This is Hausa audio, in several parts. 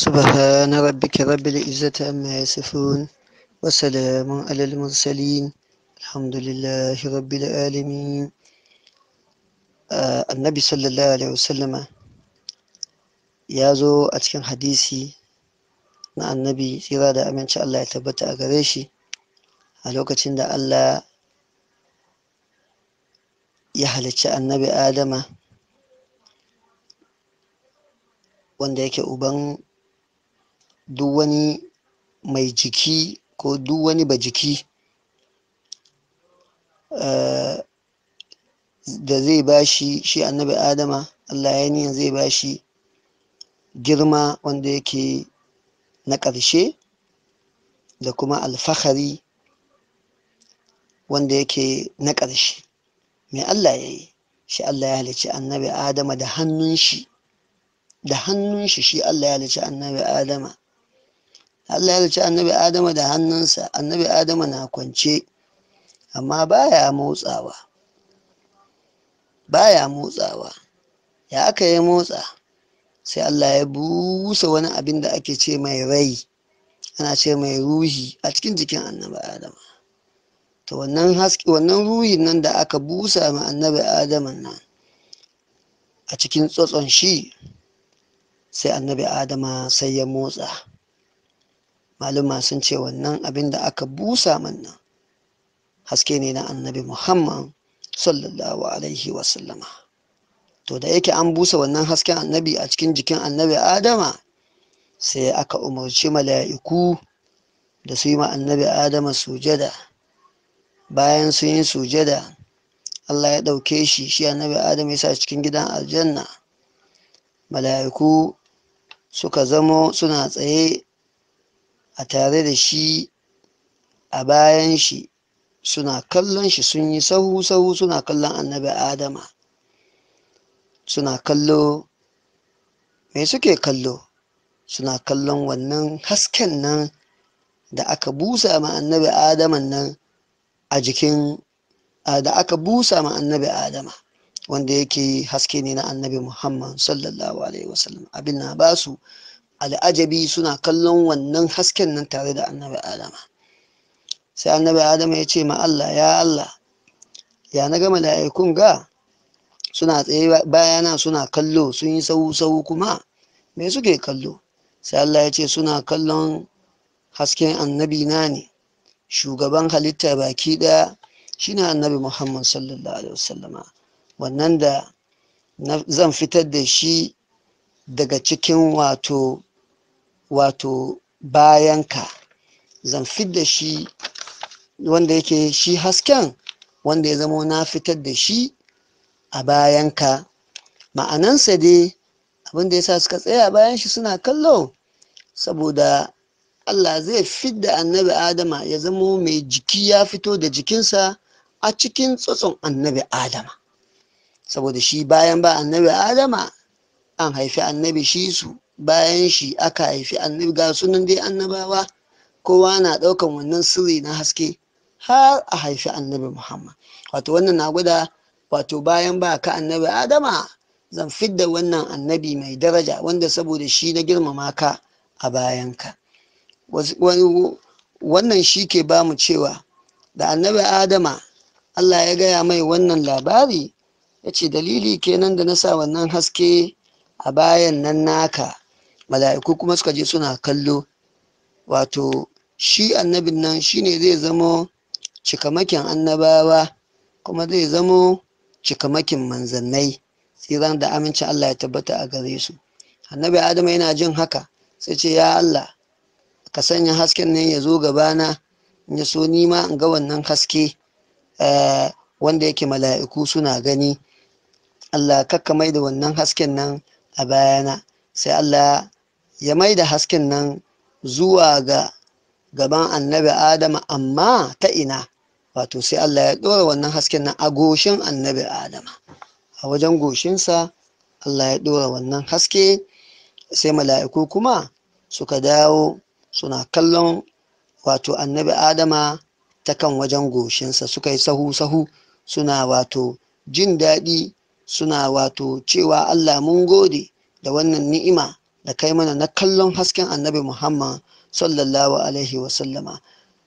سبحان ربك رب العزة عما يصفون وسلام على المرسلين الحمد لله رب العالمين آه النبي صلى الله عليه وسلم يازو أتكن حديثي مع النبي tsira da aminci Allah ya tabbata a gare shi a lokacin da Allah ya halicci duk wani mai jiki ko duk wani bajiki eh, da zai bashi shi annabi adama allah ya niyan zai bashi girma wanda yake na ƙarshe da kuma alfahari wanda yake na ƙarshe mai allah ya yi shi allah ya halicci annabi adama da hannun shi da hannun shi shi allah ya halicci annabi adama Allah ya ce annabi Adama da hannunsa annabi Adama na kwance amma baya motsawa baya motsawa ya aka yi motsa sai Allah ya busa wani abin da ake ce mai rai ana ce mai ruhi a cikin jikin annabi Adama to wannan haske wannan ruhin nan da aka busa ma annabi Adama nan a cikin tsotson shi sai annabi Adama sai ya motsa maluma sun ce wannan abin da aka busa manna haske ne na annabi muhammad sallallahu alaihi wasallama to da yake an busa wannan hasken annabi a cikin jikin annabi adama sai aka umarci mala'iku da su yi ma annabi adama sujada bayan sun yi sujada allah ya ɗauke shi shi annabi adama ya sa cikin gidan aljanna mala'iku suka zamo suna tsaye a tare da shi a bayan shi suna kallon shi sun yi sahu-sahu suna kallon annabi adama suna kallo me suke kallo suna kallon wannan hasken nan da aka busa ma annabi adama nan a jikin da aka busa ma annabi adama wanda yake haske ne na annabi muhammad sallallahu alaihi wasallam abin na basu al'ajabi suna kallon wannan hasken nan tare da annabi adama sai annabi adama ya ce ma Allah ya Allah ya na gama mala'ikun ga suna tsaye bayana suna kallo sun yi sau-sau kuma me suke kallo sai Allah ya ce suna kallon hasken annabi na ne shugaban halitta baki ɗaya shine annabi muhammad sallallahu alaihi wasallama wannan da zan fitar da shi daga cikin wato wato bayanka zan fidda shi wanda yake shi hasken wanda ya zama na fitar da shi a bayanka ma'anansa dai abinda ya sa suka tsaya bayan shi suna kallo saboda allah zai fidda annabi adama ya zama mai jiki ya fito da jikinsa a cikin tsotson annabi adama saboda shi bayan ba annabi adama an haifi annabi shi su bayan shi aka haifi annabi ga sunan dai annabawa kowa na ɗaukan wannan sirri na haske har a haifi annabi muhammad wato wannan na gwada wato bayan ba ka annabi adama zan fidda wannan annabi mai daraja wanda saboda shi na girmama ka a ka. wannan shi ke ba mu cewa da annabi adama allah ya gaya mai wannan labari ya ce dalili kenan da na sa wannan haske a bayan nan naka mala'iku kuma suka je suna kallo wato shi annabin nan shine zai zamo cikamakin annabawa kuma zai zamo cikamakin manzannai tsiran da aminci Allah ya tabbata a gare su annabi adama yana jin haka sai ce ya Allah ka sanya hasken nan ya zo na, in ya so nima in ga wannan haske eh, wanda yake mala'iku suna gani Allah kakka mai da wannan hasken nan a bayana sai Allah ya mai da hasken nan zuwa ga gaban annabi adama amma ta ina wato sai allah ya ɗora wannan hasken nan a goshin annabi adama a wajen goshinsa allah ya ɗora wannan haske sai mala'iku kuma suka dawo suna kallon wato annabi adama ta kan wajen goshinsa suka yi sahu-sahu suna wato jin daɗi suna wato cewa allah mun gode da wannan ni'ima da kai mana na kallon hasken annabi muhammad sallallahu alaihi wasallama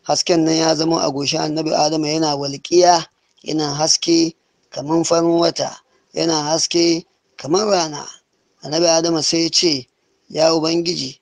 hasken nan ya zama a goshi annabi adama yana walƙiya yana haske kamar farin wata yana haske kamar rana annabi adama sai ya ce ya ubangiji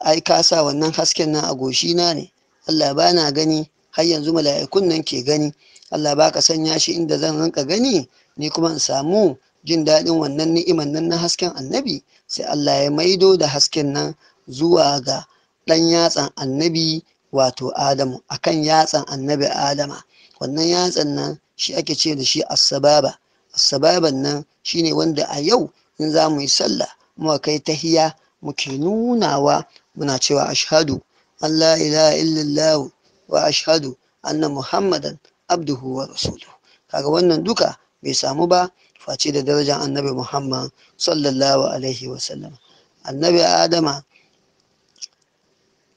ai ka sa wannan hasken nan a goshi na ne allah ba na gani har yanzu mala'ikun nan ke gani allah ba ka sanya shi inda zan rinka gani ni kuma in samu jin daɗin wannan ni'iman nan na hasken annabi sai Allah ya maido da hasken nan zuwa ga ɗan yatsan annabi wato adamu akan yatsan annabi adama wannan yatsan nan shi ake ce da shi asababa asababan nan shine wanda a yau in za mu yi sallah muka kai tahiya muke nunawa muna cewa ashhadu an la ilaha illallah wa ashhadu anna muhammadan abduhu wa rasuluhu kaga wannan duka bai samu ba face da darajar annabi muhammad sallallahu alaihi wasallam annabi adama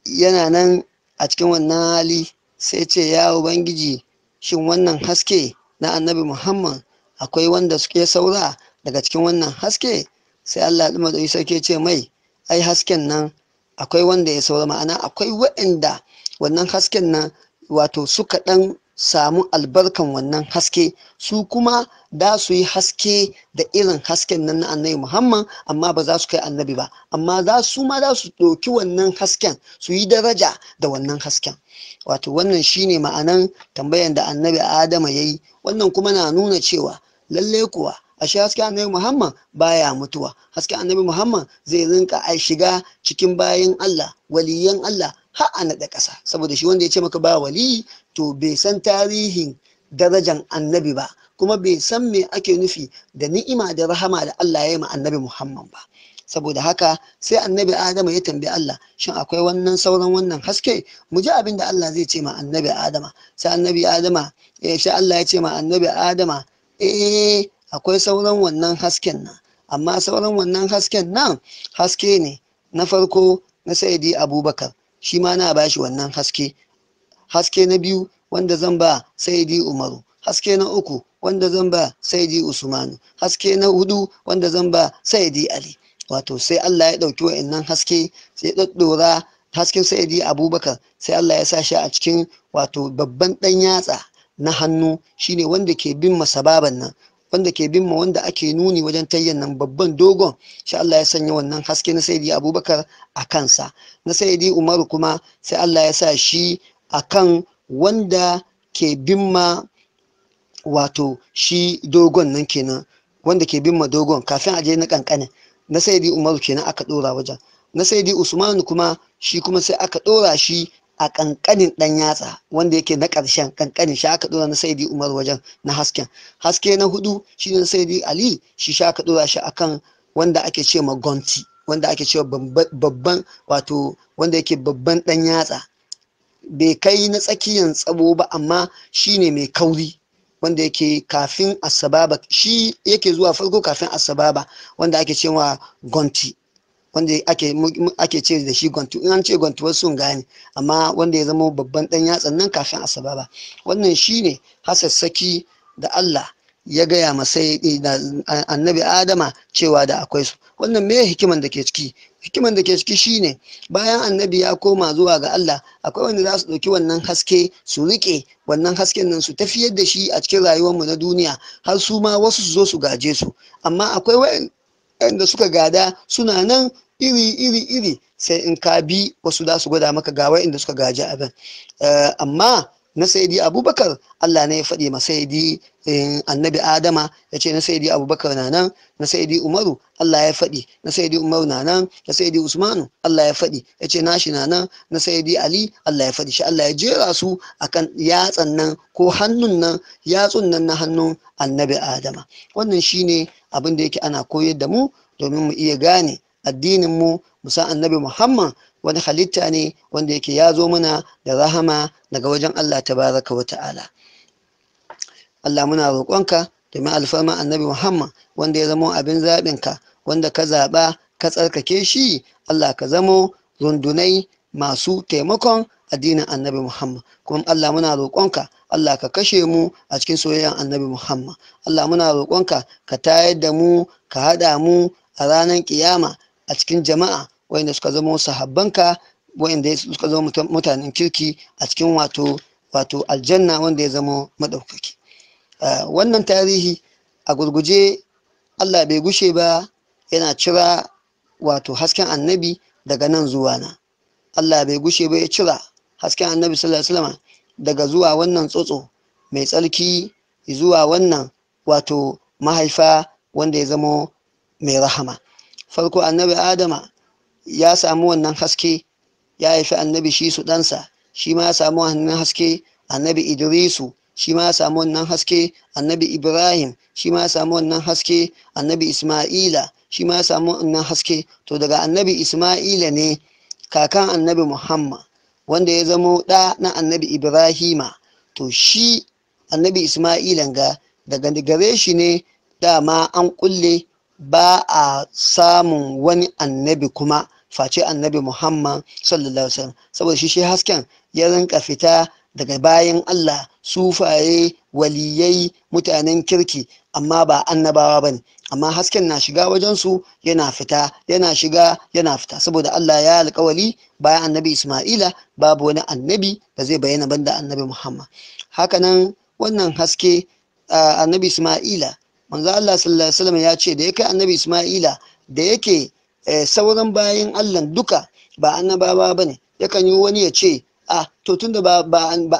yana nan a cikin wannan hali sai ce ya ubangiji shin wannan haske na annabi muhammad akwai wanda suke saura daga cikin wannan haske sai allah ɗuma da sarki ce mai ai hasken nan akwai wanda ya saura ma'ana akwai waɗanda wannan hasken nan wato suka ɗan samu albarkan wannan haske su kuma da su yi haske da irin hasken nan na annabi muhammad amma ba za su kai annabi ba amma za su ma za su ɗauki wannan hasken su yi daraja da wannan hasken wato wannan shine ma'anan tambayan da annabi adama ya yi wannan kuma na nuna cewa lalle kuwa ashe haske annabi muhammad baya mutuwa haske annabi muhammad zai rinka ai shiga cikin bayan allah waliyan allah har a naɗa ƙasa saboda shi wanda ya ce maka ba wali to bai san tarihin darajan annabi ba kuma bai san me ake nufi da ni'ima da rahama da Allah ya yi ma annabi Muhammad ba saboda haka sai annabi Adama ya tambayi Allah shin akwai wannan sauran wannan haske mu ji abin da Allah zai ce ma annabi Adama sai annabi Adama eh sai Allah ya ce ma annabi Adama eh akwai sauran wannan hasken nan amma sauran wannan hasken nan haske ne na farko na sayyidi abubakar shi ma na shi wannan haske haske na biyu wanda zan ba saidi umaru haske na uku wanda zan ba saidi usmanu haske na hudu wanda zan ba saidi ali wato sai allah ya ɗauki wa'annan haske sai ɗaɗɗora hasken saidi abubakar sai allah ya sa shi a cikin wato babban ɗan yatsa na hannu shine wanda ke bin masababan nan wanda ke bin ma wanda ake nuni wajen tayyan nan babban dogon shi Allah ya sanya wannan haske na sayyidi abubakar a kansa na sayyidi umaru kuma sai Allah ya sa shi akan wanda ke bin ma wato shi dogon nan kenan wanda ke bin ma dogon kafin aje na kankana na sayyidi umaru kenan aka dora wajen na sayyidi usman kuma shi kuma sai aka dora shi a kankanin dan yatsa wanda yake na ƙarshen kankanin shi aka dora na saidi umar wajen na hasken haske na hudu shi ne saidi ali shi sha aka dora shi akan wanda ake ce ma gonti wanda ake ce babban wato wanda yake babban dan yatsa bai kai na tsakiyan tsabo ba amma shi ne mai kauri wanda yake kafin asababa shi yake zuwa farko kafin asababa wanda ake ce ma gonti wanda ake ce da shi gwantu in an ce wasu sun gane amma wanda ya zama babban dan yatsan nan kafin asaba ba wannan shine hasassaki da Allah ya gaya masai annabi adama cewa da akwai su wannan me hikiman da ke ciki hikiman da ke ciki shine bayan annabi ya koma zuwa ga Allah akwai wanda za su ɗauki wannan haske su riƙe wannan hasken nan su tafiyar da shi a cikin rayuwarmu na duniya har su ma wasu su zo su gaje su amma akwai da suka gada suna nan iri iri iri sai in ka bi wasu za su gwada maka gawai inda suka gaji abin eh, amma na sayyidi abubakar allah ne ya faɗi ma sayyidi eh, annabi adama ya ce na sayyidi abubakar na nan na sayyidi umaru allah ya faɗi na sayyidi umaru na nan na sayyidi usmanu allah ya faɗi ya ce nashi na nan na sayyidi ali allah ya faɗi shi allah ya jera su akan yatsan nan ko hannun nan yatsun nan na hannun annabi adama wannan shine abin da yake ana koyar da mu domin mu iya gane addinin mu musa annabi muhammad wani halitta ne wanda yake ya zo mana da rahama daga wajen allah tabaraka wa ta'ala allah muna roƙonka domin alfarma annabi muhammad wanda ya zamo abin zaɓinka wanda ka zaɓa ka tsarkake shi allah ka zamo rundunai masu taimakon addinin annabi muhammad kuma allah muna roƙonka allah ka kashe mu a cikin soyayyar annabi muhammad allah muna roƙonka ka tayar da mu ka haɗa mu a ranar ƙiyama a cikin jama'a wayanda suka zama sahabbanka wayanda suka zama mutanen kirki a cikin wato aljanna wanda ya zama madaukaki ah, wannan tarihi a gurguje Allah bai gushe ba yana cira wato hasken annabi daga nan zuwa na Allah bai gushe ba ya cira hasken annabi sallallahu daga zuwa wannan tsotso mai tsarki zuwa wannan wato mahaifa wanda ya zama mai rahama farko annabi adama ya samu wannan haske ya haifi annabi shi su ɗansa shi ma ya samu wannan haske annabi idrisu shi ma ya samu wannan haske annabi ibrahim shi ma ya samu wannan haske annabi isma'ila shi ma ya samu wannan haske to daga annabi isma'ila ne kakan annabi muhammad wanda ya zamo ɗa na annabi ibrahima to shi annabi isma'ila ga daga gare shi ne dama an kulle ba a samun wani annabi kuma face annabi muhammad sallallahu alaihi wasallam saboda shi shi hasken ya rinka fita daga bayan allah sufaye waliyai mutanen kirki amma ba annabawa ba ne. amma hasken na shiga wajensu yana fita yana shiga yana fita saboda Allah ya alkawali bayan annabi Ismaila babu wani annabi da zai bayyana banda annabi Muhammad hakanan wannan haske annabi Ismaila manzo Allah sallallahu alaihi wasallam ya ce da yake annabi Ismaila da yake Eh, sauran bayan allah duka ba annabawa ba ne yakan yi wani ya ce a ah, to tunda ba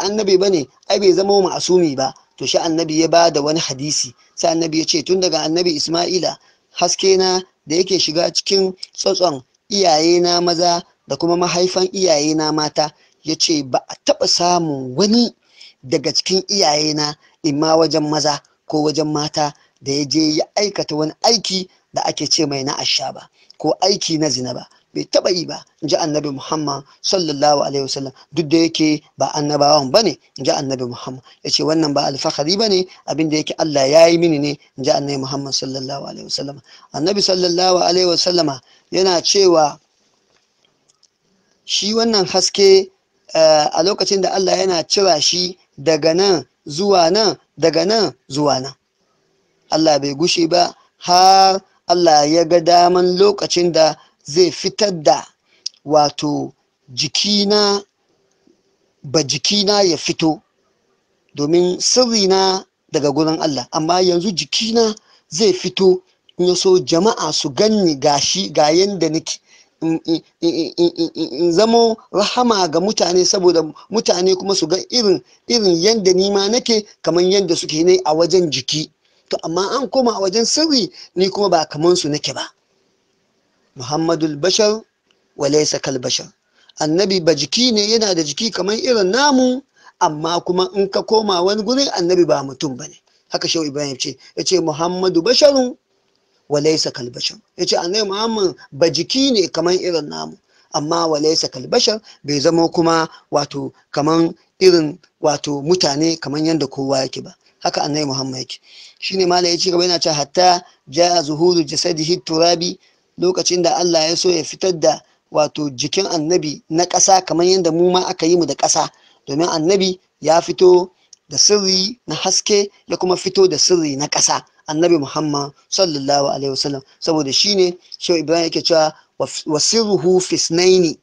annabi ba ne ai bai zama ma'asumi ba to shi annabi ya ba da wani hadisi sai annabi ya ce tun daga annabi isma'ila haske na da yake shiga cikin tsotson iyaye na maza da kuma mahaifan iyaye na mata ya ce ba a taɓa samun wani daga cikin iyaye na imma wajen maza ko wajen mata da ya je ya aikata wani aiki da ake ce mai na asha ba ko aiki na zina ba bai taba yi ba in ji annabi muhammad sallallahu alaihi wasallam duk da yake ba annabawan ba ne ji annabi muhammad ya ce wannan ba alfahari ba ne abin da yake allah ya yi mini ne in ji annabi muhammad sallallahu alaihi wasallam annabi sallallahu alaihi wasallama yana cewa shi wannan haske eh, a lokacin da allah yana cira shi daga nan zuwa nan daga nan zuwa nan allah bai gushe ba har allah ya ga daman lokacin da zai fitar da wato jikina ba jikina ya fito domin sirrina daga gurin allah amma yanzu jikina zai fito in ya so jama'a su ganni gashi ga yanda nake in zamo rahama ga mutane saboda mutane kuma su ga irin irin yanda nima nake kamar yadda suke ne a wajen jiki to amma an koma a wajen sirri ni kuma ba kamar su nake ba muhammadul bashar walaysa kal bashar annabi ba jiki ne yana da jiki kamar irin namu amma kuma in ka koma wani guri annabi ba mutum ba ne haka shehu ibrahim ce ya ce muhammadu basharun walaisa bashar. ya ce annabi muhammad ba jiki ne kamar irin namu amma walaisa bashar bai zama kuma wato kamar irin wato mutane kamar yadda kowa yake ba haka annabi muhammad yake shine malai ya ci gaba yana cewa hatta ja zuhuru jasadi turabi lokacin da Allah ya so ya fitar da wato jikin annabi na ƙasa kamar yadda mu ma aka yi mu da ƙasa domin annabi ya fito da sirri na haske ya kuma fito da sirri na ƙasa annabi muhammad sallallahu alaihi wasallam saboda shine shehu ibrahim yake cewa wa sirruhu fisnaini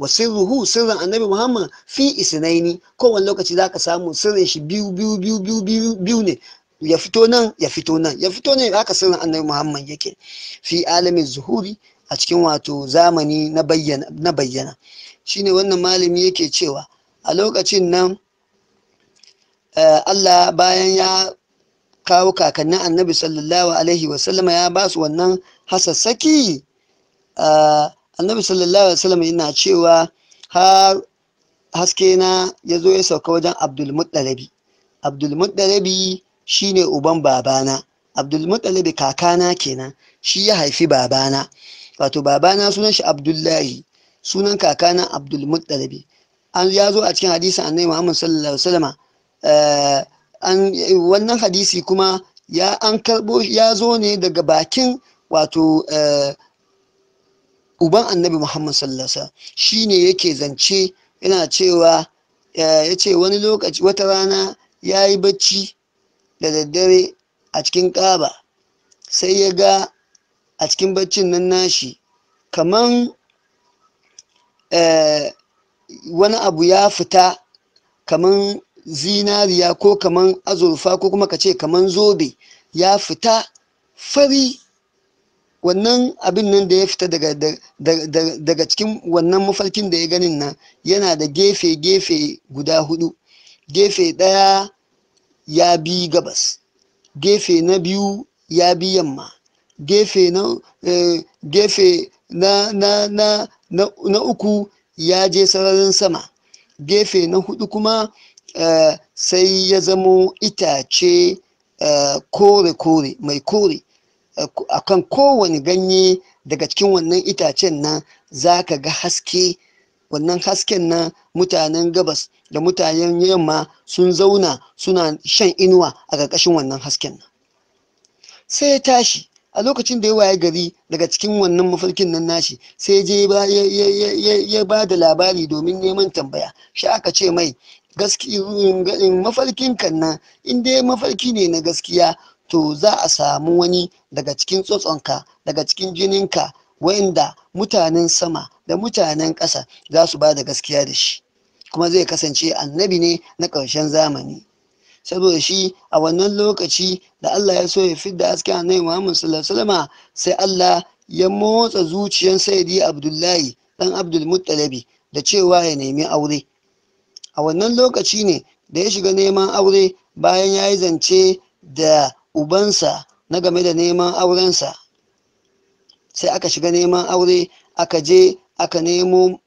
wa sirruhu sirrin annabi muhammad fi isnaini kowane lokaci zaka samu sirrin shi biyu biyu biyu biyu biyu ne ya fito nan ya fito nan ya fito ne haka sirrin annabi muhammad yake fi alamin zuhuri a cikin wato zamani na bayyana na bayyana shine wannan malami yake cewa a lokacin nan eh, Allah bayan ya kawo kakannin annabi sallallahu alaihi wasallama ya ba su wannan hasassaki eh, annabi sallallahu alaihi wasallam yana cewa har haske na ya zo ya sauka wajen abdulmuttalabi abdulmuttalabi shine uban babana abdulmuttalabi kakana kenan shi ya haifi babana wato babana sunan shi abdullahi sunan kakana abdulmuttalabi an ya zo a cikin hadisin annabi muhammad sallallahu alaihi wasallama eh, wannan hadisi kuma ya an karbo ya zo ne daga bakin wato eh, uban annabi muhammad sallasa shine yake zance yana cewa eh, yace wani lokaci wata rana ya yi bacci da daddare a cikin ƙaba sai ya ga a cikin baccin nan nashi kaman eh, wani abu ya fita kaman zinariya ko kaman azurfa ko kuma ka ce kaman zobe ya fita fari wannan abin nan da ya fita daga cikin wannan mafalkin da ya ganin nan yana da gefe-gefe guda hudu gefe ɗaya ya bi gabas gefe na biyu ya bi yamma gefe na eh, gefe na uku ya je sararin sama gefe na hudu kuma eh, sai ya zamo itace eh, kore-kore mai kore a kan kowane ganye daga cikin wannan itacen nan za ka ga haske wannan hasken nan mutanen gabas da mutanen yamma sun zauna suna shan inuwa a ƙarƙashin wannan hasken nan sai ya tashi a lokacin da ya waye gari daga cikin wannan mafarkin nan nashi sai je ya ba da labari domin neman tambaya shi aka ce mai mm, mm, mafarkin kan nan inda dai mafarki ne na gaskiya to za a samu wani daga cikin tsotsonka daga cikin jininka wanda mutanen sama da mutanen ƙasa za su ba da gaskiya da shi kuma zai kasance annabi ne na ƙarshen zamani saboda shi a wannan lokaci da Allah ya so ya fidda hasken annabi Muhammad sallallahu alaihi sai Allah ya motsa zuciyar sayyidi Abdullahi dan Abdul Muttalabi da cewa ya nemi aure a wannan lokaci ne da ya shiga neman aure bayan ya yi zance da ubansa na game da neman aurensa sai aka shiga neman aure aka je aka nemo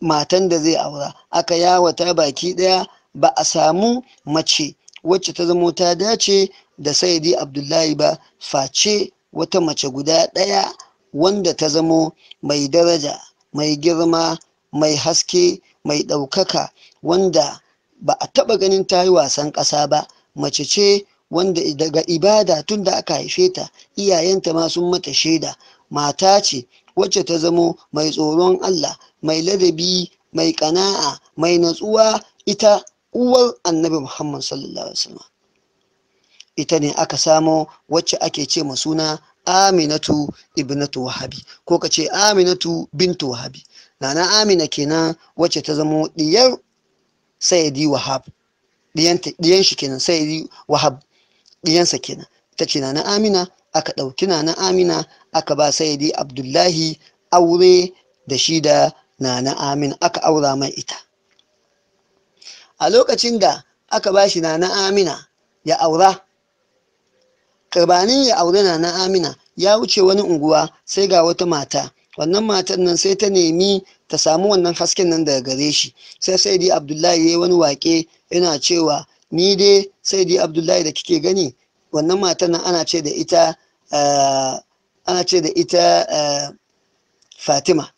matan da zai aura aka yawata baki daya ba a samu mace wacce ta zamo ta dace da saidi abdullahi ba face wata mace guda daya wanda ta zamo mai daraja mai girma mai haske mai ɗaukaka wanda ba a taɓa ganin ta yi wasan ƙasa ba mace ce wanda daga ibada tun da aka haife ta iyayenta ma sun mata shaida mata ce wacce ta zamo mai tsoron Allah mai ladabi mai kana'a mai natsuwa ita uwar annabi Muhammad sallallahu alaihi ita ne aka samo wacce ake ce ma suna Aminatu ibnatu Wahabi ko ka ce Aminatu bintu Wahabi nana Amina kenan wacce ta zamo diyar Sayyidi Wahab diyan shi kenan Sayyidi Wahab ɗiyansa kenan ita ce na amina aka ɗauki na amina aka ba sayidi abdullahi aure da shi da na amin aka aura mai ita a lokacin da aka ba shi na amina ya aura karbanin ya aure na amina ya wuce wani unguwa sai ga wata mata wannan matan nan sai ta nemi ta samu wannan hasken nan daga gare shi sai sai dai abdullahi ya yi wani wake yana cewa ni dai sai dai abdullahi da kike gani wannan matan nan ana ce da ita eh, ana ce da ita eh, fatima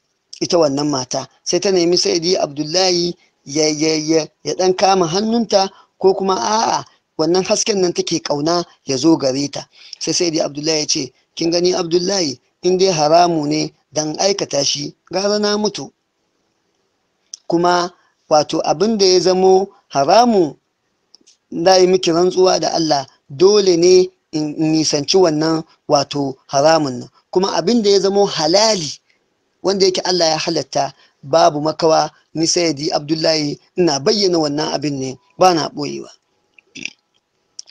ita wannan mata sai ta nemi sai dai abdullahi ya ya ya dan kama hannunta ko kuma a'a wannan hasken nan take kauna ya zo gare ta sai sai dai abdullahi ya ce kin gani abdullahi in dai haramu ne dan aikata shi gara na mutu kuma wato abin da ya zamo haramu na yi miki rantsuwa da Allah dole ne in nisanci wannan wato haramun nan kuma abin da ya zamo halali wanda yake Allah ya halatta babu makawa ni sayidi abdullahi ina bayyana wannan abin ne ba na ɓoyewa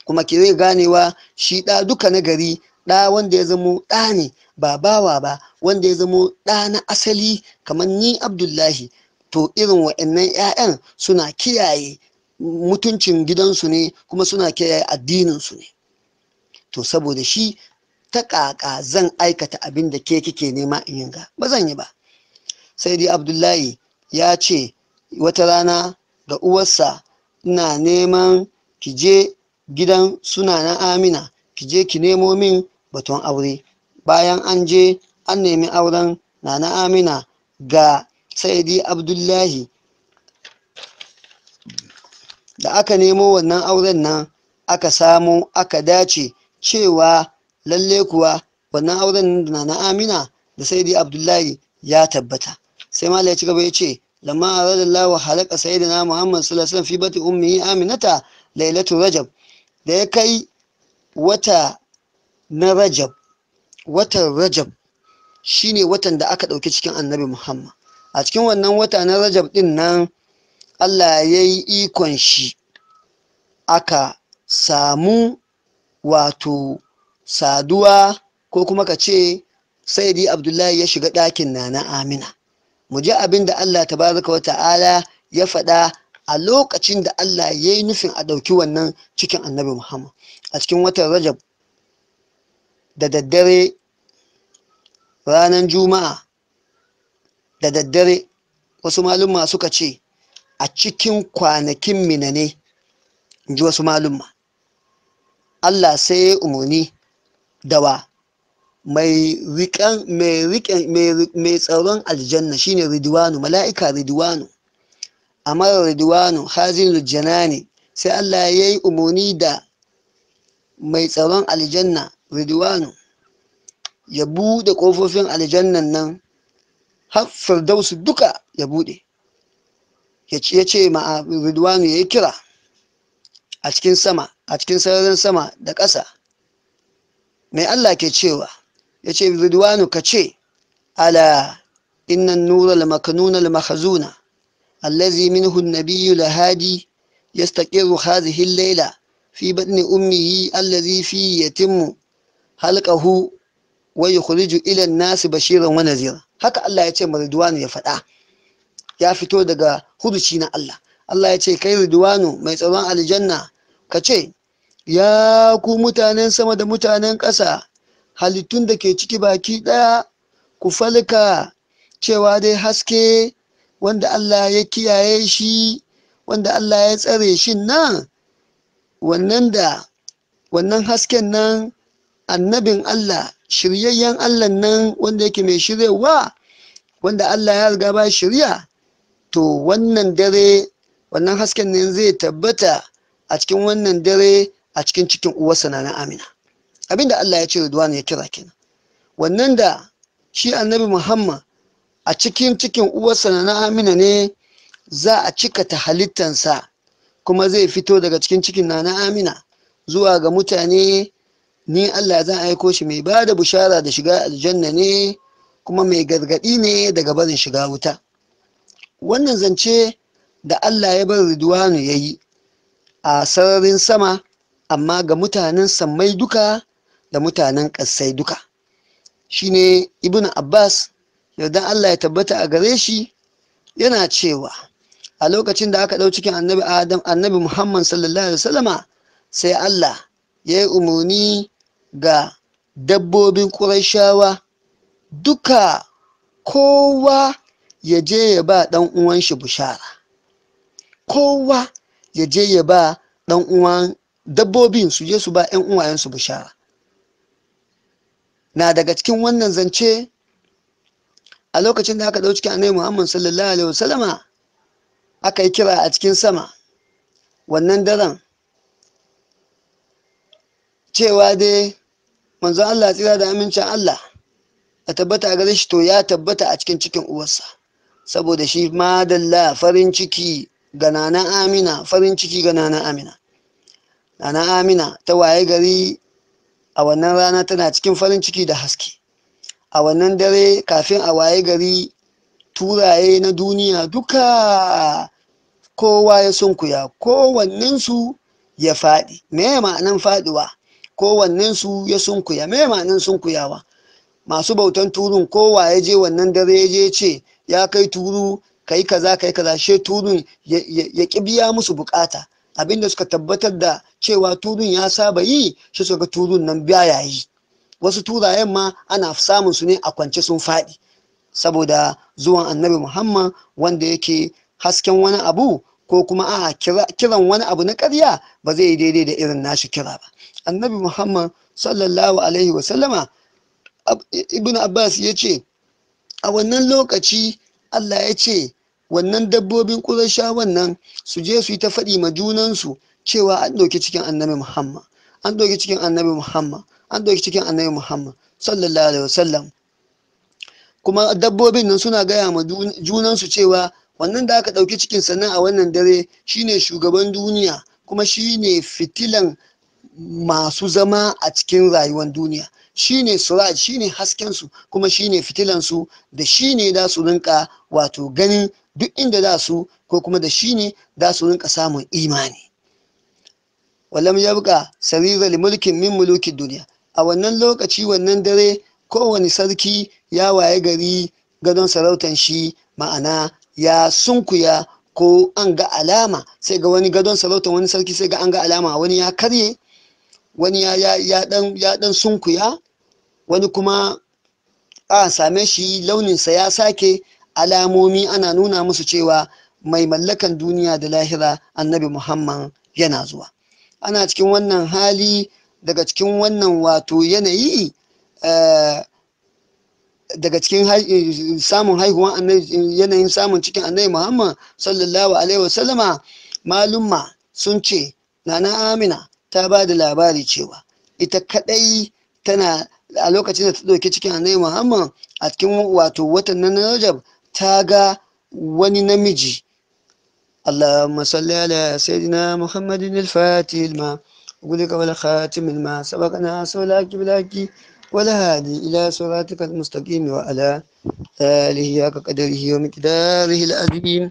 kuma ke zai ganewa shi ɗa duka na gari ɗa wanda ya zamo ɗa ne ba bawa ba wanda ya zamo ɗa na asali kamar ni abdullahi to irin wa'annan 'ya'yan suna kiyaye mutuncin gidansu ne kuma suna kiyaye addininsu ne to saboda shi ta ƙaƙa zan aikata abin da ke kike nema in yi ga ba zan yi ba sai dai abdullahi ya ce wata rana da uwarsa ina neman ki je gidan suna na amina ki je ki nemo min baton aure bayan an je an nemi auren na, na amina ga saidi abdullahi da aka nemo wannan auren nan aka samo aka dace cewa lalle kuwa wannan auren na na amina da sai abdullahi ya tabbata sai mala ya ci gaba ya ce lamma radallahu halaka sayyidina muhammad sallallahu alaihi fi bati ummi aminata lailatu rajab da ya kai wata na rajab watan rajab shine watan da aka ɗauki cikin annabi muhammad a cikin wannan wata na rajab din nan Allah ya yi ikon shi aka samu wato saduwa ko kuma ka ce saidi abdullahi ya shiga ɗakin nana amina mu ji abin da Allah ta wa ta'ala ya faɗa a lokacin da Allah ya yi nufin a ɗauki wannan cikin annabi Muhammad a cikin watan Rajab da daddare ranar Juma'a da daddare wasu malumma suka ce a cikin kwanakin mina ne ji wasu malumma allah sai ya umarni da wa mai tsaron aljanna shine ridwanu mala'ika ridwanu amara ridwanu hazin ne, sai allah ya yi umarni da mai tsaron aljanna ridwanu ya buɗe ƙofofin aljannan nan har firdausu duka ya buɗe ya ce ma ridwan ya yi kira a cikin sama a cikin sararin sama da ƙasa mai Allah ke cewa ya ce ridwanu ka ce ala innan nura al-makanun mahzuna allazi minhu nabiyu hadi, lahadi yastaqiru hadhihi al-layla fi batni ummihi allazi fi yatimmu halqahu wa yukhriju ila an nasu bashiran wa nadhira haka Allah ya ce ma ridwanu ya faɗa ya fito daga huduci na Allah Allah ya ce kai ridwanu mai tsaron aljanna ka ce ya ku mutanen sama da mutanen ƙasa halittun da ke ciki baki ɗaya ku falka cewa dai haske wanda Allah ya kiyaye shi wanda Allah ya tsare shi nan wannan da wannan hasken nan annabin Allah shiryayyen Allah nan wanda yake mai shiryawa wanda Allah ya riga ba shirya to wannan dare wannan hasken ne zai tabbata a cikin wannan dare a cikin cikin uwarsa na amina abinda Allah ya ce Ridwan ya kira kenan wannan da shi annabi Muhammad a cikin cikin uwarsa na amina ne za a cika ta halittansa kuma zai fito daga cikin cikin na amina zuwa ga mutane ni Allah zan aiko shi mai ba da bushara da shiga aljanna ne kuma mai gargadi ne daga barin shiga wuta wannan zance da allah ya bar ridwanu ya yi a sararin sama amma ga mutanen sammai duka da mutanen ƙasai duka shine ibn abbas yardan allah ya tabbata a gare shi yana cewa a lokacin da aka ɗau cikin annabi adam annabi muhammad sallallahu alaihi wasallama sai allah ya yi umarni ga dabbobin ƙurashawa duka kowa ya je ya ba ɗan uwan shi bushara kowa ya je ya ba ɗan uwan dabbobin su je su ba yan uwayensu bushara na daga cikin wannan zance a lokacin da aka ɗauki annabi muhammad sallallahu alaihi wasallama aka yi kira a cikin sama wannan daren cewa dai manzon allah tsira da amincin allah a tabbata a gare shi to ya tabbata a cikin cikin uwarsa saboda shi madalla farin ciki ga nana amina farin ciki ga nana amina nana amina ta waye gari a wannan rana tana cikin farin ciki da haske a wannan dare kafin a waye gari turaye na duniya duka kowa ya sunkuya kowannensu ya faɗi me ma'anan faɗiwa kowannensu ya sunkuya me ma'anan sunkuyawa masu bautan turun kowa ya je wannan dare ya je ce ya kai turu kai kaza kai kaza she turun ya kibiya musu bukata abinda suka tabbatar da cewa turun ya saba yi shi suka turun nan biya yayi. wasu turayen ma ana samun su ne a kwance sun faɗi saboda zuwan annabi muhammad wanda yake hasken wani abu ko kuma a kiran wani abu na ƙarya ba zai yi daidai da irin nashi kira ba annabi muhammad sallallahu alaihi wasallama ibn abbas ya ce a wannan lokaci allah ya ce wannan dabbobin ƙurasha wannan su je su yi ta faɗi ma junansu cewa an ɗauki cikin annabi muhammad an ɗauki cikin annabi muhammad an ɗauki cikin annabi muhammad sallallahu alaihi wasallam kuma dabbobin nan suna gaya ma junansu cewa wannan da aka ɗauki cikin sannan a wannan dare shine shugaban duniya kuma shine fitilan masu zama a cikin rayuwar duniya shine suraj shine hasken su kuma shine fitilan su da shine da su rinka wato gani duk inda za su ko kuma da shine da su rinka samun imani walam yabqa sarirul mulkin min muluki duniya a wannan lokaci wannan dare kowane sarki ya waye gari gadon sarautan shi ma'ana ya sunkuya ko an ga alama sai ga wani gadon sarautan wani sarki sai ga an ga alama wani ya karye wani ya dan sunkuya wani kuma a same shi launinsa ya sake alamomi ana nuna musu cewa mai mallakan duniya da lahira annabi muhammad yana zuwa ana cikin wannan hali daga cikin wannan wato yanayi eh, daga cikin samun haihuwan yanayin samun cikin annabi muhammad sallallahu alaihi wasallama malumma sun ce nana amina ta ba da labari cewa ita kadai tana a lokacin da ta ɗauki cikin annabi muhammad a cikin wato watan na rajab ta ga wani namiji اللهم صل على سيدنا محمد الفاتح لما أقولك ولا خاتم لما سبقنا سولاك بلاك ولا هادي إلى صراطك المستقيم وعلى آله وقدره ومقداره العظيم